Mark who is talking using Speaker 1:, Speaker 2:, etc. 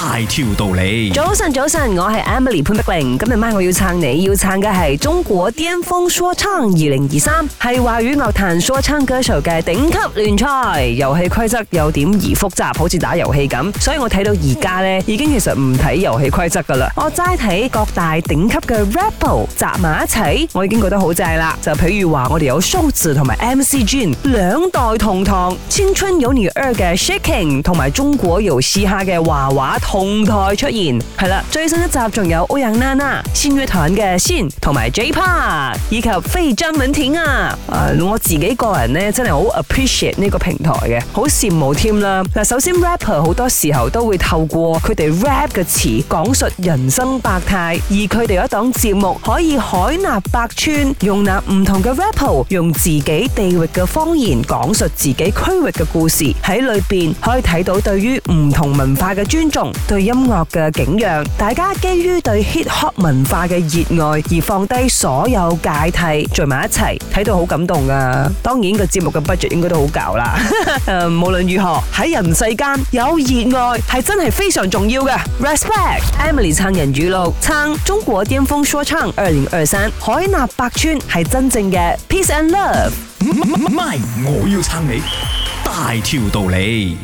Speaker 1: 大條道理，早
Speaker 2: 晨早晨，我係 Emily 潘碧玲，今日晚我要撐你，要撐嘅係中國巔峰說唱二零二三，係華語樂壇說唱歌手嘅頂級聯賽，遊戲規則有點而複雜，好似打遊戲咁，所以我睇到而家呢已經其實唔睇遊戲規則噶啦，我齋睇各大頂級嘅 rapper 集埋一齊，我已經覺得好正啦。就譬如話我哋有蘇志同埋 MC Jin 兩代同堂，青春有你二嘅 Shaking 同埋中國有嘻哈嘅華華。同台出現係啦，最新一集仲有歐陽娜娜、仙樂團嘅仙同埋 J.P.A. 以及非張敏婷啊！Uh, 我自己個人呢真係好 appreciate 呢個平台嘅，好羨慕添啦。嗱，首先 rapper 好多時候都會透過佢哋 rap 嘅詞講述人生百態，而佢哋一檔節目可以海納百川，容納唔同嘅 rapper，用自己地域嘅方言講述自己區域嘅故事，喺裏邊可以睇到對於唔同文化嘅尊重，對音樂嘅景仰，大家基於對 hip hop 文化嘅熱愛而放低所有芥蒂，聚埋一齊，睇到好感動噶。當然個節目嘅 budget 應該都好高啦。無論如何喺人世間有熱愛係真係非常重要嘅。Respect，Emily 撐人語錄撐中國巔峰說唱二零二三，海納百川係真正嘅
Speaker 1: peace and love。咪，我要撐你，大條道理。